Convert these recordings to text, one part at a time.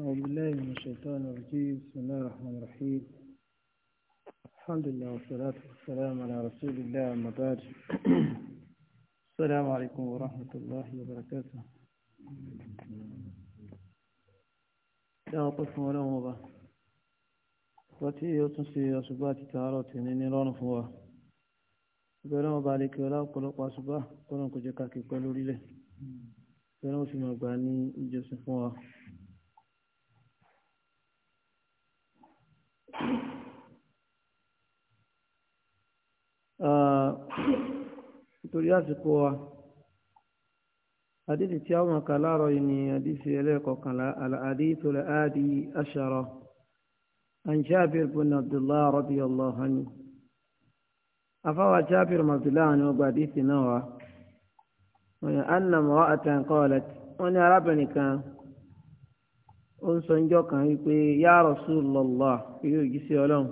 أعوذ بالله من الشيطان الرجيم بسم الله الرحمن الرحيم الحمد لله والصلاة والسلام على رسول الله أما بعد السلام عليكم ورحمة الله وبركاته لا أقف ولا مضى وتي يوتنسي أصبات تارات إنني لا نفوا بلا مبالك ولا قلق أصباه قلنك جكاكي قلوا لله بلا مسلم أباني إجوس فوا nítorí àsìkò wa àdìsí tí a máa kà láàárọ̀ yìí ni àdìsí ẹlẹ́ẹ̀kọ̀kànlá àdìsí àdì àṣàrọ̀ عن جابر بن عبد الله رضي الله عنه أفوى جابر بن عبد الله عنه بحديث نوى أن امرأة قالت أنا ربني كان ó ń sọ ńjọ́ kan wípé ya Rasulullah yóò jí sí ọlọ́run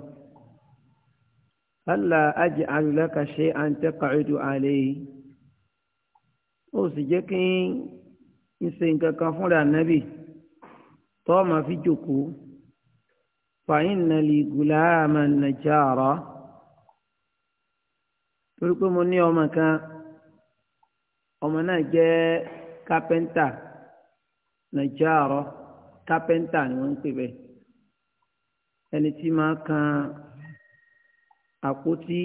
halla aj'alu laka shay'an taq'udu alayhi ó sì jẹ́ kí n ṣe nǹkan kan fúnra nábì tó máa fi jókòó fa inna li gulaman najara torí pé mo ní ọmọ kan ọmọ náà jẹ́ kápẹ́ńtà kápẹ́ńtà ni wọ́n ń pè bẹ́ẹ̀ ẹni tí máa kan àpótí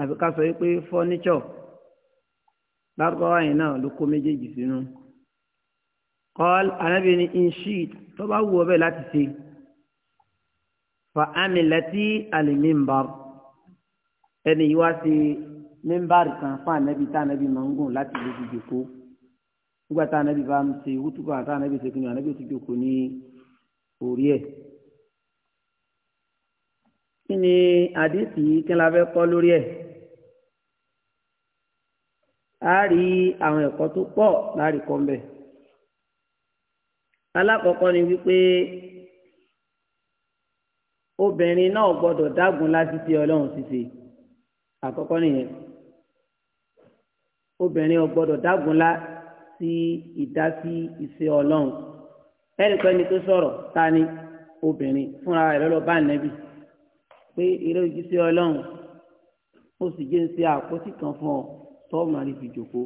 àbí ká sọ wípé fọ́níṣọ̀ lárúbáwá yẹn náà ló kó méjèèjì sínú. kọ́l anábìyẹn ní inshit tó bá wù ọ bẹ́ẹ̀ láti ṣe fa amilati alimimbar ẹni yìí wá sí mímbàrì kan fún ànábì tá ànábì máa ń láti lè fi jòkó nígbà tá ànábì bá ń ṣe wútúbà tá ànábì ṣe kìnìún ànábì ti jókòó ní orí ẹ̀. kí ni àdìsí kí la fẹ́ kọ́ lórí ẹ̀? a rí àwọn ẹ̀kọ́ tó pọ̀ láàrin kan bẹ̀. alákọ̀ọ́kọ́ ni wípé obìnrin náà gbọ́dọ̀ dágun láti fi ọlọ́run ṣiṣẹ́ àkọ́kọ́ nìyẹn obìnrin ò gbọ́dọ̀ dágunlá sí ìdásí iṣẹ́ ọlọ́run ẹnìkan ni tó sọ̀rọ̀ ta ni obìnrin fúnra rẹ̀ lọ́lọ́ bá nẹ́bí pé eré ojúṣe ọlọ́run ó sì jẹ́ ń ṣe àpótí kan fún ọ tọ́ọ̀mù àrífi jòkó.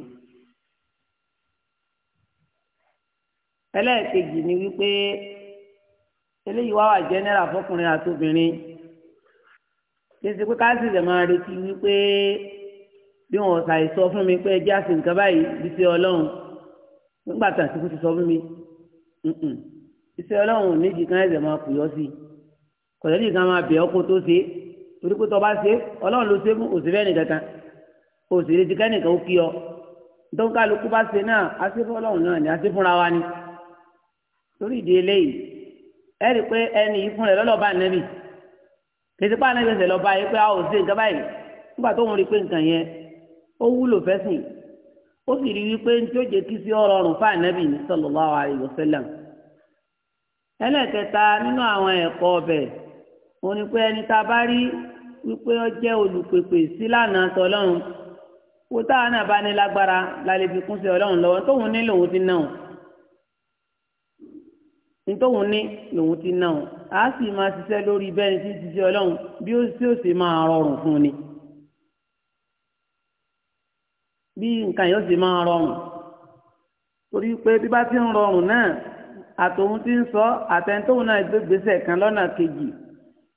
ẹlẹ́ẹ̀kejì ni wípé eléyìí wá wà jẹ́nẹ́rà fọkùnrin àtobìnrin kí n ṣe pé káàsì lè máa retí wípé bí wọn ṣàìsọ fún mi pé ẹ jẹ́ àṣìǹkan báyìí bí ṣe ọlọ́run nígbà tí àsìkò ti sọ fún mi iṣẹ́ ọlọ́run níjì kan ẹ̀sẹ̀ máa pè ọ́ sí i kọ̀lẹ́dì kan máa bẹ̀ ọ́ kó tó ṣe é torí pé tó bá ṣe é ọlọ́run ló ṣe é fún òṣèré nìkan kan òṣèré ti ká nìkan ó kí ọ nítorí kálukú bá ṣe náà á ṣe fún ọlọ́run náà ni á ṣe fúnra wa ni torí ìdí eléyìí ẹ rí i pé ẹni yìí fún rẹ lọ́lọ́ba nẹ́bì kìsì pa nẹ́bì ẹsẹ̀ lọ́ba a ò ṣe nǹkan báyìí nígbà tó ń rí i pé nǹkan yẹn ó ó kiri wípé tí ó jẹ kí sí ọ̀rọ̀ ọrùn fún ànábì sallallahu alaihi wasallam ẹlẹ́kẹta nínú àwọn ẹkọ ọbẹ òun ni pé ẹni tá a bá rí wípé ó jẹ́ olùpèpè sí lánàá tọ́lọ́run kó táwọn náà bá ní lágbára lálẹ́ fi kún sí ọlọ́run lọ́wọ́ ní lòun ti náà ní lòun ti náà bí nǹkan yóò sì máa rọrùn torí pé bí bá ti ń rọrùn náà àtòun ti ń sọ àtẹnitóhun náà gbégbèsè kan lọ́nà kejì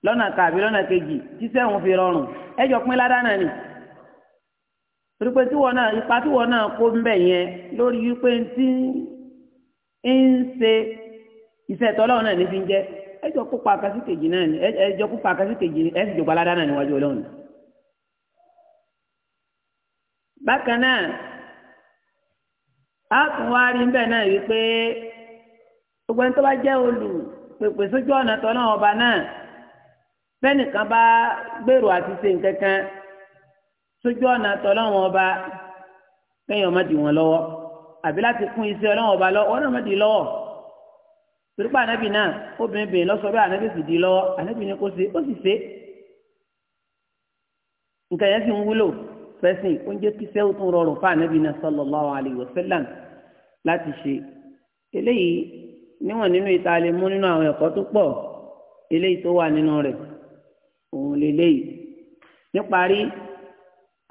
lọ́nà kàbí lọ́nà kejì jíṣẹ́ òun fi rọrùn ẹjọ́ pín ládàá náà ni torí pé tíwọ náà ipa tíwọ náà kó ń bẹ̀ yẹn lórí wípé tí ń ṣe iṣẹ́ tọ́lọ́run náà ní fi ń jẹ́ ẹjọ́ kópa akásí kejì náà ni ẹjọ́ kópa akásí kejì ni ẹ sì jọba ládàá náà níwájú ọlọ́run náà bákan náà a tún wá rí bẹ́ẹ̀ náà yìí pé gbogbo ẹni tó bá jẹ́ olùpèpè sójú ọ̀nà tó náà ọba náà bẹ́nìkan bá gbèrò àti ṣe nǹkan kan sójú ọ̀nà tó náà ọba kẹ́yìn ọmọdé wọn lọ́wọ́ àbí láti kún iṣẹ́ ọlọ́wọ́ ọba lọ́wọ́ ọ̀nà ọmọdé lọ́wọ́ torípa anabi náà obìnrin bèèrè lọ́sọ̀ bẹ́ẹ̀ anabi sì di lọ́wọ́ anabi ni kò ṣe ó sì ṣe nǹkan yẹn sì ń wúlò fẹ́sìn ó ń jẹ́ kí sẹ́wọ́n tó rọrùn fún ànábì náà sallallahu alayhi wa sallam láti ṣe eléyìí níwọ̀n nínú ìta lè mú nínú àwọn ẹ̀kọ́ tó pọ̀ eléyìí tó wà nínú rẹ̀ òun lélẹ́yìí níparí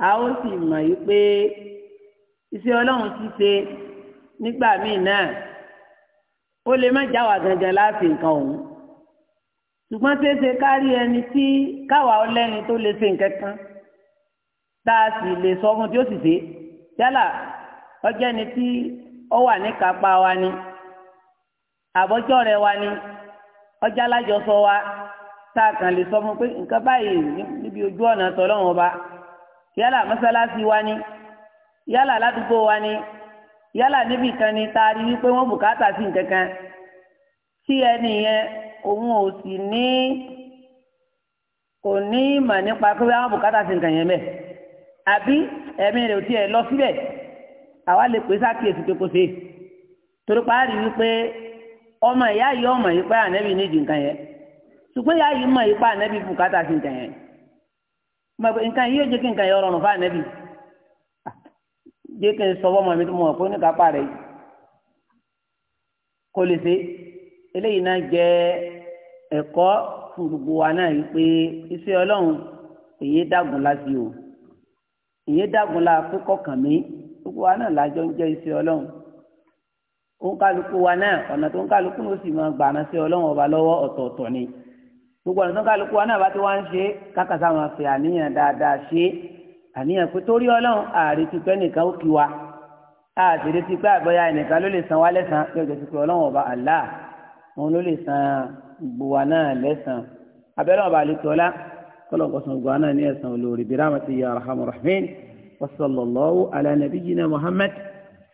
a ó sì mọ̀ yìí pé iṣẹ́ ọlọ́run ṣíṣe nígbà míì náà ó lè má jáwà gangan láàfin nǹkan òun ṣùgbọ́n ṣeéṣe kárí ẹni tí káwa ọlẹ́ni tó lè ṣe nǹkan kan tá a sì lè sọ fún tí ó sì ṣe yálà ọjọ́ ni tí ó wà ní kápá wa ni àbọ̀jọ́ rẹ̀ wa ni ọjà alájọsọ wa tá a kàn lè sọ pé nǹkan báyìí níbi ojú ọ̀nà tọ́lọ́wọ́n ọba yálà mọ́sálásí wa ni yálà wa ni yálà ni a wípé bùkátà sí àbí ẹ̀mí rẹ̀ ò tiẹ̀ lọ síbẹ̀ àwa lè pè sákìyèsí pé kò sí torí parí wípé ọmọ ìyá yìí ọmọ yìí pé ànẹ́bí nídìí nǹkan yẹn ṣùgbọ́n ìyá yìí mọ̀ yìí pé ànẹ́bí bùkátà sí nǹkan yẹn nǹkan yìí yóò jẹ́ kí nǹkan yẹn rọrùn fún ànẹ́bí jẹ́ kí n sọ fọ́mọ mi tó mọ̀ pé ó ní kápá rẹ̀ yìí kò lè ṣe eléyìí náà jẹ́ ẹ̀kọ́ fún gbogbo wa náà yìí pé iṣẹ́ ọlọ́run èyí dàgùn láti o ìyẹn dàgùn la pé kọkàn mí gbogbo wa náà lájọ ń jẹ iṣẹ́ Ọlọ́run òǹkàlùkù wa náà ọ̀nà tó òǹkàlùkù ló sì máa gbàna sí Ọlọ́run ọba lọ́wọ́ ọ̀tọ̀ọ̀tọ̀ ni gbogbo ọ̀nà tó òǹkàlùkù wa náà bá ti wá ń ṣe kákàtà máa fi àníyàn dáadáa ṣe àníyàn pé torí Ọlọ́run ààrẹ ti pẹ́ nìkan ó kí wa àti retí pé àgbọ̀yà ẹnìkan ló lè san wá lẹ́sàn pé ọjọ́ ti pé Ọlọ́run ọba Allah òun ló lè san gbogbo wa náà lẹ́sàn abẹ́rẹ́ ọba àlùtọ́lá kọ́lọ́kọ́ sọ gbọ́n náà ní ẹ̀sán olórí bí rámàtí ya arhamu rahman wasallallahu ala nabiyyina muhammad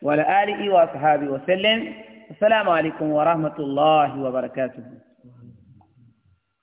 wa ala alihi wa sahabi wa sallam assalamu alaikum wa rahmatullahi wa barakatuhu.